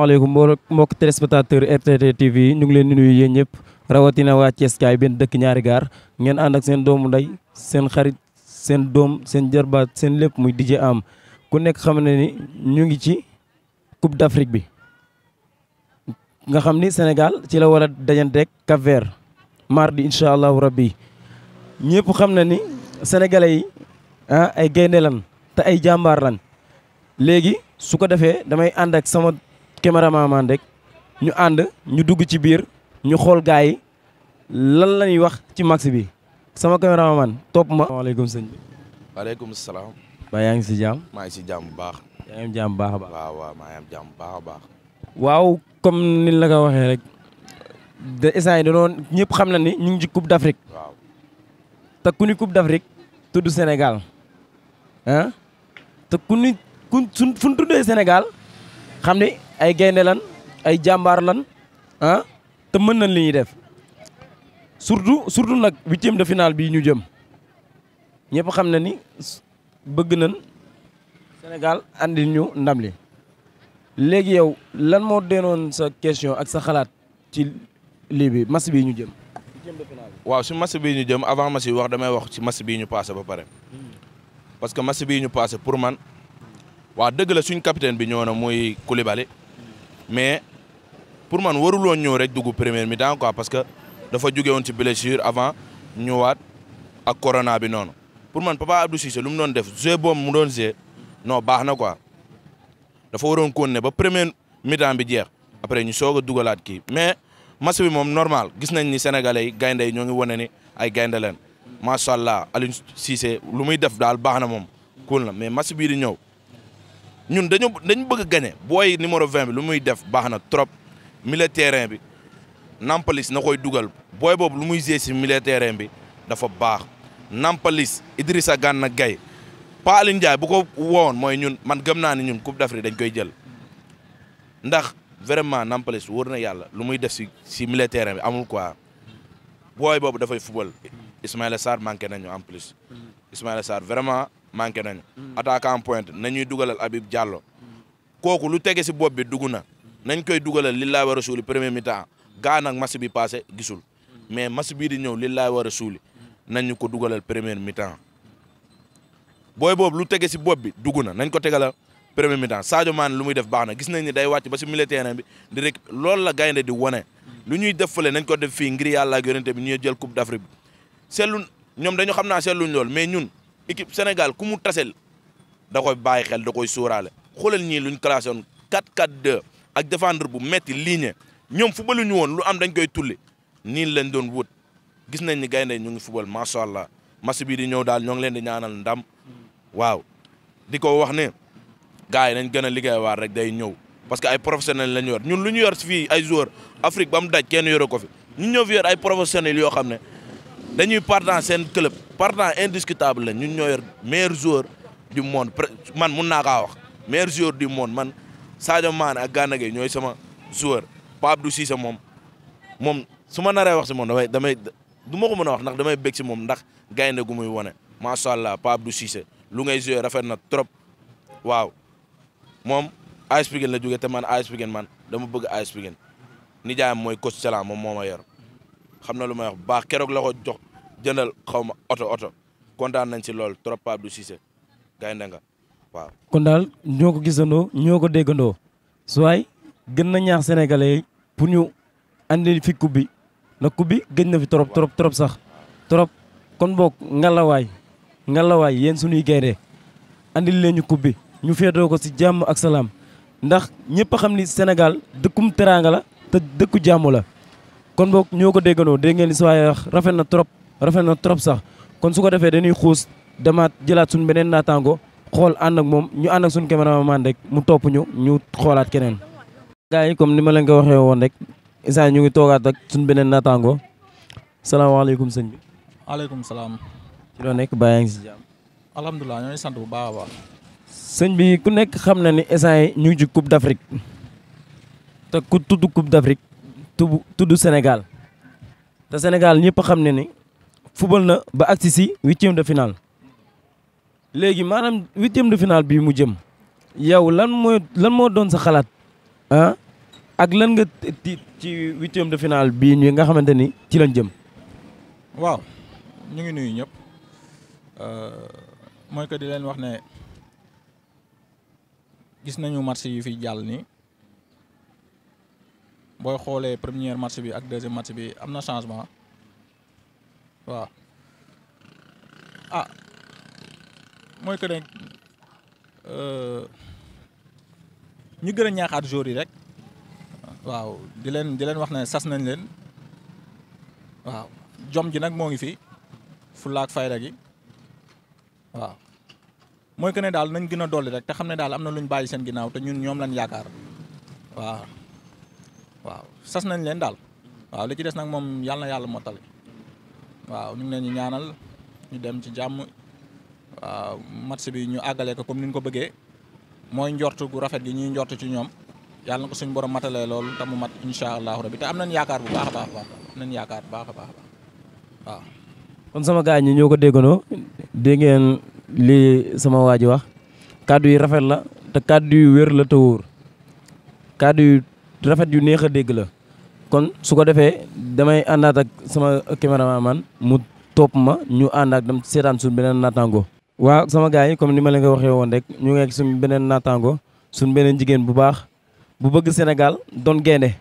maaleykum mbokk téléspectateur RTT TV ñu ngi leen di nuyu yéen ñëpp rawatina waa Thiès benn dëkk ñaari gaar ngeen ànd ak seen doomu ndey seen xarit seen doom seen jarbaat seen lépp muy DJ Am ku nekk xam ne ni ñu ngi ci Coupe d'Afrique bi nga xam ni Sénégal ci la war a dajanteeg Cap Vert mardi incha allahu rabbi ñëpp xam na ni sénégalais yi ah ay gaynde lan te ay jàmbaar lan léegi su ko defee damay ànd ak sama. caméraman rek ñu ànd ñu dugg ci biir ñu xool gars lan lañuy wax ci max bi sama caméraman topp ma. waaleykum sëñ bi. waaleykum salaam. ba yaa ngi si jàmm. maa ngi si jàmm bu baax. yaa ngi bu baax a baax. ngi am jàmm bu baax a baax. waaw comme ni la ko waxee rek de instant yi dañoo ñëpp xam na ni ñu ngi ci coupe d' Afrique. waaw te ku ni coupe d' Afrique tudd Sénégal ah te ku ni ku fu ñu tuddee Sénégal xam ni ay gaynde lan ay jàmbaar lan ah te mën nañ li ñuy def surtout surtout nag huitième de finale bii ñu jëm ñëpp xam na ni bëgg nañ Sénégal andi ñu ndam li léegi yow lan moo denoon sa question ak sa xalaat ci lii bi match bi ñu jëm. waaw si match bi ñu jëm avant match yi wax damay wax ci match bii ñu passé ba pare. Hmm. parce que match bii ñu passé pour man. waa dëgg la suñ capitaine bi ñëw na mooy Koulibaly mais pour man warul woon ñëw rek dugub première mi-temps quoi parce que dafa jóge woon ci blessure avant ñëwaat ak corona bi noonu pour man Papa Abdou Cissé lu mu doon def jeu boobu mu doon jeu non baax na quoi dafa waroon kon ne ba première mi bi jeex après ñu soog a dugalaat kii mais match bi moom normal gis nañ ni sénégalais yi gaynde yi ñoo ngi wane ni ay gaynde leen macha allah Aliou Cissé lu muy def daal baax na moom cool na mais match bii di ñëw. ñun dañu dañu bëgg a gagné booy numéro 20 bi lu muy def baax na trop milieu terrain bi Nampalis na koy dugal booy boobu lu muy gée si milieu terrain bi dafa baax Nampalis Idrissa Gana Gueye Pa Alioune Ndiaye bu ko woon mooy ñun man gëm naa ni ñun Coupe d'Afrique dañ koy jël ndax vraiment Nampalis wóor na yàlla lu muy def si si milieu terrain bi amul quoi booy boobu dafay fubal Ismaïla Sarr manqué nañu en plus Ismaïla Sarr vraiment. manqué nañu. attaquant pointe nañuy dugalal Habib Diallo. kooku lu tege si bopp bi dugg na. nañ koy dugalal lillaay war a suuli premier mi-temps gaa nag match bi gisul mais match bii di ñëw lillaay war a suuli nañ ñu ko dugalal premier mi-temps boobu lu tege si bopp bi dugg na nañ ko tegalal premier mi-temps Sadio lu muy def baax na gis nañ ni day wàcc ba si terrain bi di rek loolu la gaynde di wone lu ñuy def fële nañ ko def fii ngir yàlla ak bi ñuy jël coupe d'Afrique bi seetlu ñoom dañu xam naa seetluñ lool mais ñun. équipe Sénégal ku mu tasel da koy bàyyi xel da koy sóoraale xoolal ñii luñ classé woon 4-4-2 ak défendre bu metti ligne ñoom fubalu ñu woon lu am dañ koy tulli nii lañ doon wut gis nañ ni gaynde ñu ngi fubal macha allah match bii di ñëw daal ñoo ngi leen di ñaanal ndam waaw di ko wax ne gars yi nañ gën a liggéey waar rek day ñëw parce que ay professionnels lañ yor ñun lu ñu yor fii ay joueurs Afrique ba mu daj kenn yore ko fi ñu ay professionnels yoo xam ne. dañuy partant seen club partant indiscutable la ñun ñoo yor meilleur joueur du monde man mun naa kaa wax meilleur joueur du monde man Sadio Mané ak Gana Gueye ñooy sama joueur Pape moom moom su ma naree wax si moom damay damay du ma ko mën a wax ndax damay bég si moom ndax gaynde gu muy wane macha allah Pape Abdou Cissé lu ngay joué rafet na trop waaw moom AS Pikine la jógee te man AS Pikine man dama bëgg AS Pikine nijaayam mooy coach Salam moom moo ma yor. xam na lu may wax bu baax keroog la ko jox jëndal xaw ma oto oto kontaan nañ si lool trop Pape du gaynde nga waaw. kon daal ñoo ko gisandoo ñoo ko déggandoo su waay gën na ñaax sénégalais pour ñu andi fi coupe bi na coupe bi na fi trop trop trop sax trop kon boog ngalawaay ngalawaay yéen suñuy gaynde andil leen ñu coupe bi ñu féetoo ko si jàmm ak salaam ndax ñëpp xam ni Sénégal dëkkum teraanga la te dëkku jàmm la. kon boog ñoo ko déggandoo dégg ngeen li si waaye rafet na trop rafet na trop sax kon su ko defee dañuy xuus demaat jëlaat suñ beneen naataango xool ànd ak moom ñu ànd ak suñ caméraman rek mu topp ñu ñu xoolaat keneen. gars yi comme ni ma leen ko waxee woon rek isa ñu ngi toogaat ak suñ beneen naataango salaamaaleykum sëñ bi. waaleykum salaam. loo nekk bàyyi ngi si jàmm. alhamdulilah ñoo ngi bu baax a sëñ bi ku nekk xam na ni isa yi ñu ngi ci coupe d' afrique te ku tudd coupe d' tudd Sénégal te Sénégal ñëpp xam ne ni football na ba agsi si huitième de finale léegi maanaam huitième de finale bii mu jëm yow lan mooy lan moo doon sa xalaat ah? ak lan nga tiit ci huitième de finale bii ñu nga xamante ni ci lañ jëm. waaw ñu ngi nuyu ñëpp euh, mooy que di leen wax ne gis nañu match yi fi jàll ni booy xoolee première match bi ak deuxième match bi am na changement waaw ah mooy que ne euh, ñu gën a ñaaxaat jour yi rek waaw di leen di leen wax ne sas nañ leen waaw jom ji nag moo ngi fi fulaak fayda gi waaw mooy que ne daal nañ gën a dolli rek te xam ne daal am na luñ ñu bàyyi seen ginnaaw te ñun ñoom lañ yaakaar waaw. waaw sas nañ leen daal waaw li ci des nag moom yàlla na yàlla mottali waaw ñu ngi leen ñaanal ñu dem ci jàmm waaw match bi ñu àggale ko comme ni ñu ko bëggee mooy njort gu rafet gi ñuy njort ci ñoom yàlla na ko suñ borom matalee loolu te mu mat incha allahu rabi te am nañ yaakaar bu baax a baax a baax am yaakaar bu baax a baax waaw. kon sama gars yi ñoo ko déggandoo dégg ngeen li sama waa ji wax kàddu yi rafet la te kàddu yu wér la te wóor kàddu yu rafet yu neex a dégg la kon su ko defee damay àndaat ak sama caméraman mu topp ma ñu ànd ak dem seetaan suñ beneen naataango. waaw sama gars yi comme ni ma leen ko waxee woon rek ñu ngi ak suñ beneen naataango suñ beneen jigéen bu baax bu bëgg Sénégal doon gaynde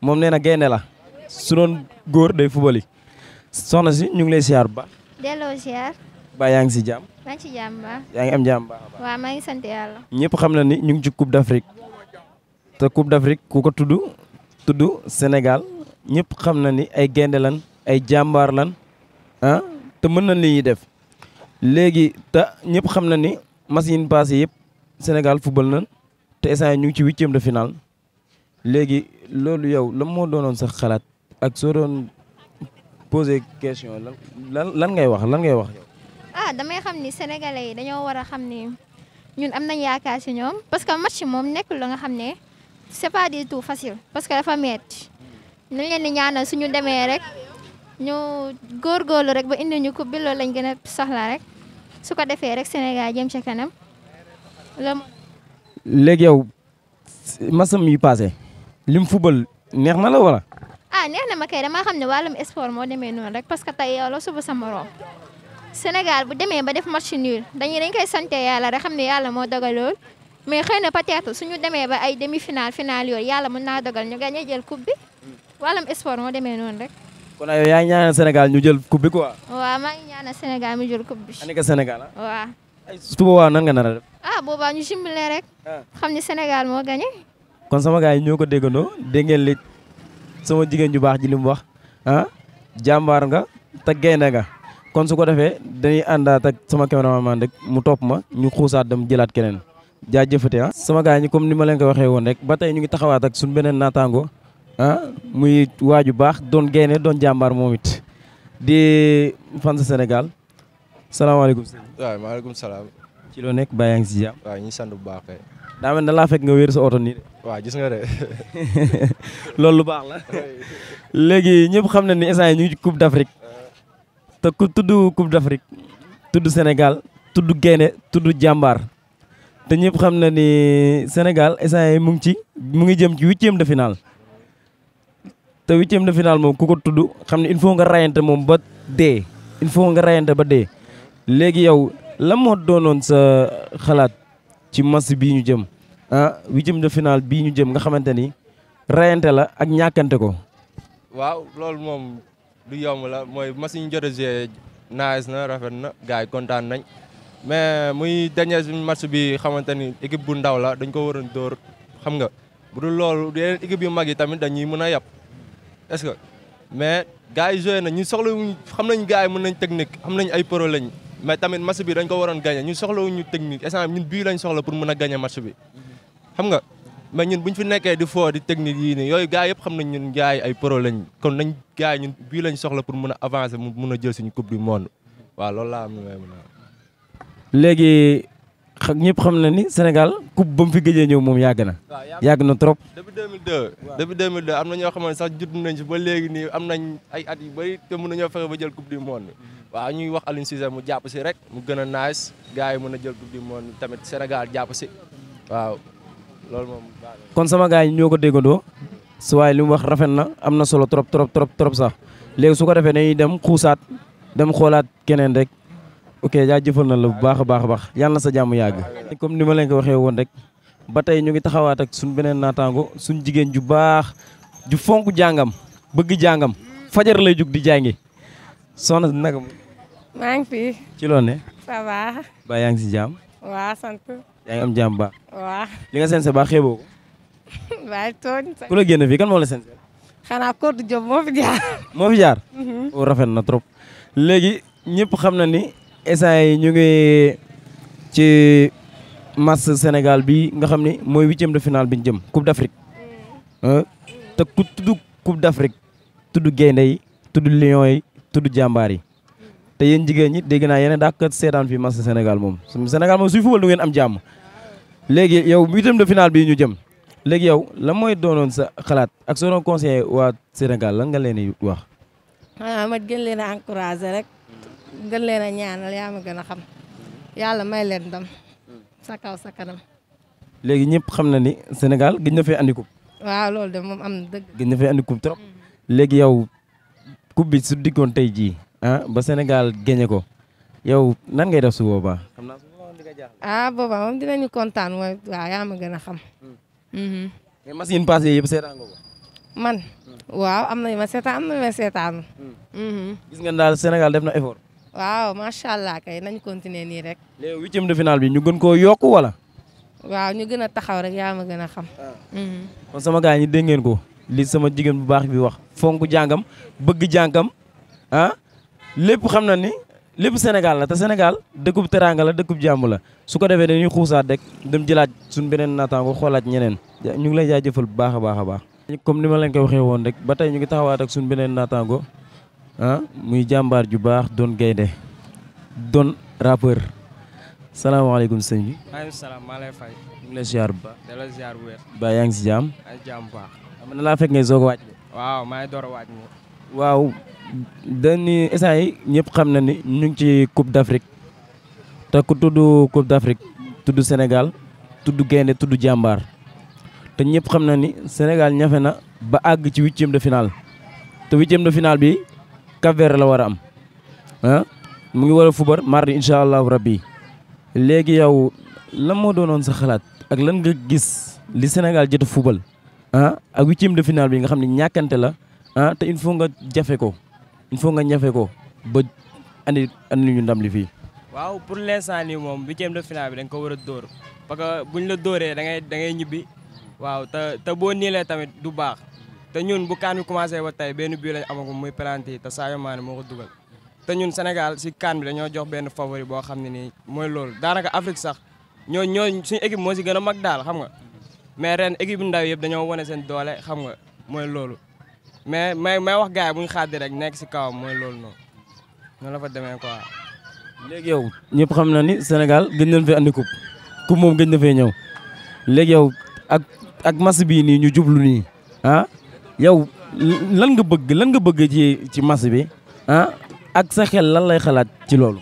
moom nee na gaynde la su doon góor day fubali soxna si ñu ngi lay siyaar bu baax. delloo siyaar. ba yaa ngi si jàmm. maa yaa ngi am jàmm baax. waaw maa ngi sant yàlla. ñëpp xam na ni ñu ngi ci Coupe d'Afrique. te Coupe d'Afrique ku ko tudd tudd Sénégal ñëpp xam na ni ay gaynde lan ay jàmbaar lan ah te mën na li ñuy def léegi te ñëpp xam na ni match yi passé yëpp Sénégal football nañ te instant ñu ngi ci huitième de finaal léegi loolu yow lan moo doonoon sax xalaat ak soo doon posé question lan lan lan ngay wax lan ngay wax yow. ah damay xam ni sénégalais yi dañoo war xam ni ñun am nañ yaakaar si ñoom parce que match moom nekkul la nga xam ne. c'est pas du tout facile parce que dafa metti ñu leen di ñaanal suñu demee rek ñu góorlu rek ba indi ko coupe lañ gën a soxla rek su ko defee rek Sénégal jëm ca kanam. léegi yow masam yi passé lim football neex na la wala. ah neex na ma kay damaa xam ne wàllum sport moo demee noonu rek parce que tey yow suba sa morom Sénégal bu demee ba def match nul dañuy dañ koy sante yàlla rek xam ne yàlla moo dogal lool mais xëy na peut suñu demee ba ay demi-finale finale yooyu yàlla mën naa dogal ñu gagné jël coupe bi wàllum sport moo demee noonu rek. kon yow yaa ngi ñaanal Sénégal ñu jël coupe bi quoi. waaw maa ngi ñaanal Sénégal mu jël coupe bi. waa ka Sénégal ah. nan nga nar a def. ah boobaa ñu jumelé rek. Ah. xam ni Sénégal moo gagné. kon sama gars yi ñoo ko déggandoo dégg ngeen sama jigéen ju baax ji li wax ah jàmbaar nga te gaynde nga kon su ko defee dañuy àndaat ak sama cameraman rek mu topp ma ñu xuusaat dem jëlaat keneen. jaajëfate ah sama gars ñi comme ni ma leen ko waxee woon rek ba tey ñu ngi taxawaat ak suñu beneen naataango ah muy waaju baax doon gaynde doon jàmbaar moom it di fan sa Sénégal salaamaaleykum sëñ maaleykum salaam ci loo nekk ba yaa ngi si jàmm waaw ñu bu baax kay daa mel ne laa fekk nga wéer sa oto nii de waaw gis nga de loolu lu baax la léegi ñëpp xam na ni instant ñu ngi ci Coupe d'Afrique te ku tudd Coupe d'Afrique tudd Sénégal tudd gaynde tudd jàmbaar te ñëpp xam na ni Sénégal instant mu ngi ci mu ngi jëm ci huitième de finale te huitième de finale moom ku ko tudd xam ne il faut nga rayante moom ba dee il faut nga rayante ba dee léegi yow lan moo doonoon sa xalaat ci match bii ñu jëm ah huitième de finale bii ñu jëm nga xamante ni rayante la ak ñàkkante ko. waaw loolu moom du yomb la mooy match yi a joué naaj na rafet na gars kontaan nañ. mais muy dernier match bi xamante ni équipe bu ndaw la dañ ko waroon dóor xam nga bu dul loolu yeneen équipe yu mag yi tamit dañuy mën a yab est-ce que mais gars yi joué na ñu soxlawuñu xam nañ gars yi mën nañ technique xam nañ ay pro lañ mais tamit match bi dañ ko waroon gagné ñu soxlawuñu technique instant ñun bii lañ soxla pour mën a gagné match bi xam nga mais ñun bu ñu fi nekkee di foo di technique yii nii yooyu gars yëpp xam nañ ñun gars yi ay pro lañ kon nañ gars yi ñun bii lañ soxla pour mën a avancer mën a jël suñu coupe du monde waaw loolu laa am lu may mën a léegi xam ñëpp xam na ni Sénégal coupe ba mu fi gëjee ñëw moom yàgg na. yàgg na trop. depuis 2002. waaw am na ñoo xam xamante sax judd nañ si ba léegi nii am nañ ay at yu bëri te mën nañoo fexe ba jël coupe du monde. Mm-hmm. waaw ñuy wax Aliou Cissé mu jàpp si rek mu gën a nice gars yi mun a jël coupe du monde tamit Sénégal jàpp si waaw loolu moom. kon sama gaa yi ñoo ko déggandoo su waaye li mu wax rafet na am na solo trop trop trop trop sax léegi su ko defee dañuy dem xuusaat dem xoolaat keneen rek. ok jaajëfal na la bu baax a baax a baax yàlla na sa jàmm yàgg. comme ni ma leen ko waxee woon rek ba tey ñu ngi taxawaat ak suñ beneen naataango suñ jigéen ju baax ju fonk jàngam bëgg jàngam fajar lay jug di jàngi soxna nag. maa ngi loo ne. ça va. yaa ngi si jàmm. waaw sant. yaa ngi am baax. waaw. li nga sensé baax xeeboo ko. waaye ku la génn fii kan moo la sensé. xanaa Codé Diop moo fi jaar. moo fi jaar. Mhm. Oh, rafet na trop. léegi ñëpp xam na ni essant yi ñu ngi ci match Sénégal bi nga xam ne mooy huitième de finale bi ñu jëm Coupe d'Afrique mm. ah, te ku tudd Coupe d'Afrique tudd gaynde yi tudd lion yi tudd jàmbaar yi mm. te yéen jigéen ñi dégg naa yéen a daa kat seetaan fii match Sénégal moom Sénégal moom suy fubal du ngeen am jàmm léegi yow huitième de finale bii ñu jëm léegi yow lan mooy doonoon sa xalaat ak soo doon conseiller waa Sénégal lan nga leen di wax. ah ma gën leen a encourager rek. gën leen a ñaanal yaa ma gën a xam yàlla may leen ndam sa sa kanam. léegi ñëpp xam na ni Sénégal gëj na fee andi coupe. waaw loolu de moom am na dëgg. gëj na fee andi trop. léegi yow coupe bi su diggoon tey jii ah ba Sénégal gagné ko yow nan ngay def su boobaa. xam naa su boobaa di nga ah boobaa moom dinañu kontaan mooy waaw yaa ma a xam. Hmm. Mhm. masin machine passé yëpp seetaan nga ko. man. waaw am na ma seetaan am na ma seetaanu. Hmm. Mhm. gis nga daal Sénégal def na effort. waaw macha allah kay nañ continuer nii rek. léegi huitième de bi ñu gën koo yokk wala. waaw ñu gën a taxaw rek yaa ma gën a xam. Ah. Mm-hmm. kon sama gars ñi dégg ko li sama jigéen bu baax bi wax fonk jàngam bëgg jàngam ah lépp xam na ni lépp Sénégal la te Sénégal dëkkub teraanga la dëkkub jàmm la su ko defee dañuy xuusaat rek dem jëlaat suñ beneen naataango xoolaat ñeneen. ñu ngi lay jaajëfal bu baax a baax a baax. comme ni ma leen ko waxee woon rek ba tey ngi taxawaat ak suñ beneen naataango. ah muy jàmbaar ju baax doon gaynde doon rappeur salaamaaleykum sëñ bi. maaleykum salaam maa lay fay. ñu ngi lay ziar bu baax. da ba yaa ngi si jàmm. jàmm bu baax. laa fekk ngay soog a waaj. waaw maa ngi waaw dañuy yi ñëpp xam na ni ñu ngi ci Coupe d'Afrique te ku tudd Coupe d'Afrique tudd Sénégal tudd gaynde tudd jàmbaar te ñëpp xam na ni senegal ñafe na ba àgg ci huitième de finale te huitième de finale bi. Cap Vert la war a am ah mu ngi war a fubar mardi incha allahu rabbi léegi yow lan moo doonoon sa xalaat ak lan nga gis li Sénégal jot a fubal ah ak huitième de finale bi nga xam ne ñàkkante la ah te il faut nga jafe ko il faut nga ñafe ko ba andi andi ñu ndam li fii. waaw pour l'instant nii moom huitième de finale bi da war a dóor parce que buñ la dóoree da ngay waaw te te tamit du baax. te ñun bu kaan bi commencé ba tey benn bii lañ amagum muy penalty te Sadio Mané moo ko dugal te ñun Sénégal si kaan bi dañoo jox benn favori boo xam ne nii mooy loolu daanaka Afrique sax ñoo ñoo suñu équipe moo si gën a mag daal xam nga mais ren équipe ndaw yëpp dañoo wane seen doole xam nga mooy loolu mais may may wax gars bu ñu xaadi rek nekk si kawam mooy loolu noonu noonu la fa demee quoi. léegi yow ñëpp xam na ni Sénégal gën nañ fi andi coupe moom gën na fee ñëw léegi yow ak ak match bii nii ñu jublu nii ah? yow lan nga bëgg lan nga bëgg ci ci match bi ah ak sa xel lan lay xalaat ci loolu.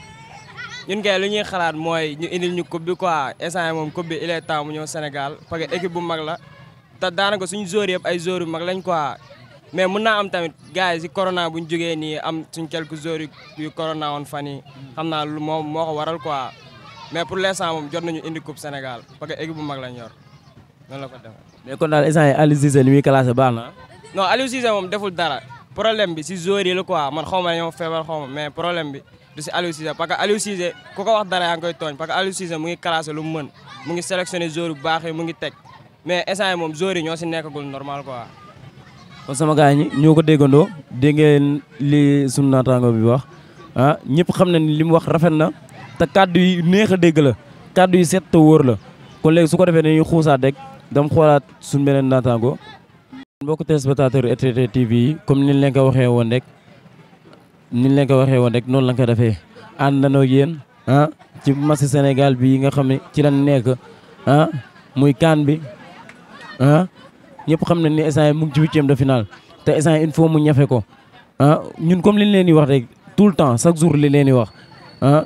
ñun kay lu ñuy xalaat mooy ñu indi ñu coupe bi quoi instant yii moom coupe bi il est temps mu ñëw Sénégal parce que équipe bu mag la te daanaka suñu joueur yëpp ay joueur yu mag lañ quoi. mais mun naa am tamit gars yi si corona bu ñu am suñ quelques jours yu corona woon fan yi xam naa moo moo ko waral quoi mais pour l'instant moom jot nañu indi coupe Sénégal parce que équipe bu mag lañ yor la ko defee. mais kon daal instant yii Aliou non Aliou Cissé moom deful dara problème bi si joueur yi la quoi man xaw ma ñoom feebar xaw mais problème bi du si Aliou Cissé parce que Aliou Cissé ko wax dara yaa ngi koy tooñ parce que Aliou mu ngi classé lu mu mën mu ngi sélectionné joueur bu baax yi mu ngi teg mais instant moom joueur ñoo si nekkagul normal quoi. kon sama gars ñi ñoo ko déggandoo dégg ngeen li sunu naataango bi wax ah ñëpp xam nañ li mu wax rafet na te kàddu yi neex a dégg la kàddu yi set te wóor la kon su ko defee dañuy xuusaat rek dam xoolaat suñu beneen naataango. mbokk téléspectateur RTT TV yi comme ni leen ko waxee woon rek ni leen ko waxee woon rek noonu la ko defee ànd nañoo yéen ah ci match Sénégal bi yi nga xam ne ci lañ nekk ah muy kaan bi ah ñëpp xam ne ni instant mu ngi ci huitième de te instant il faut mu ñafe ko ah, ñun comme liñ leen di wax rek tout le temps chaque jour li leen di wax ah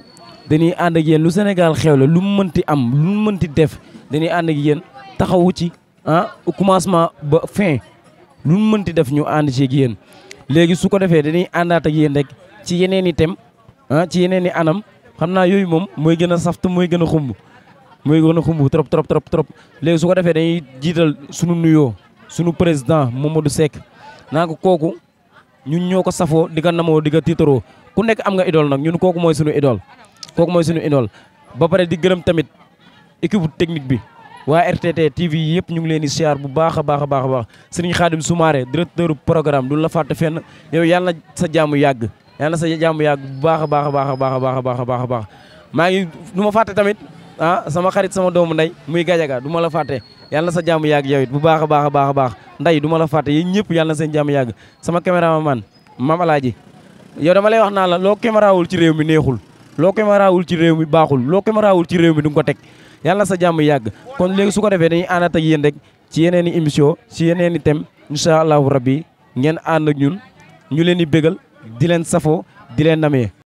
dañuy ànd ak yéen lu Sénégal xew la lu mu mënti am lu mu mënti def dañuy ànd ak yéen taxawu ci ah commencement ba fin lu mu mënti def ñu ànd ci ak yéen léegi su ko defee dañuy àndaat ak yéen rek ci yeneen i tem ah ci yeneen i anam xam naa yooyu moom mooy gën a saft mooy gën a xumb mooy gën a xumb trop trop trop trop léegi su ko defee dañuy jiital sunu nuyoo sunu président Mamadou Seck naa ko kooku ñun ñoo ko safoo di ko namoo di ko tiitaroo ku nekk am nga idool nag ñun kooku mooy sunu idole kooku mooy sunu idole ba pare di gërëm tamit équipe technique bi waa RTT TV yëpp ñu ngi leen di siyaar bu baax a baax a baax a baax sëriñ Xaadim Soumaré directeur programme du la fàtte fenn yow yàlla na sa jàmm yàgg yàlla na sa jàmm yàgg bu baax a baax a baax a baax a baax a a baax maa ngi du ma fàtte tamit ah sama xarit sama doomu nday muy gajaga du ma la fàtte yàlla na sa jàmm yàgg yow it bu baax a baax a a baax nday du ma la fàtte yéen ñëpp yàlla na jàmm yàgg sama caméraman maam alaaji yow dama lay wax naa la loo camérawul ci réew mi neexul loo camérawul ci réew mi baaxul loo camérawul ci réew mi du nga ko teg yàlla sa jàmm yàgg kon léegi su ko defee dañuy àndaat ak yéen rek ci yeneen i émission ci yeneen i thème incha allahu rabbi ngeen ànd ak ñun ñu leen di bégal di leen safoo di leen namee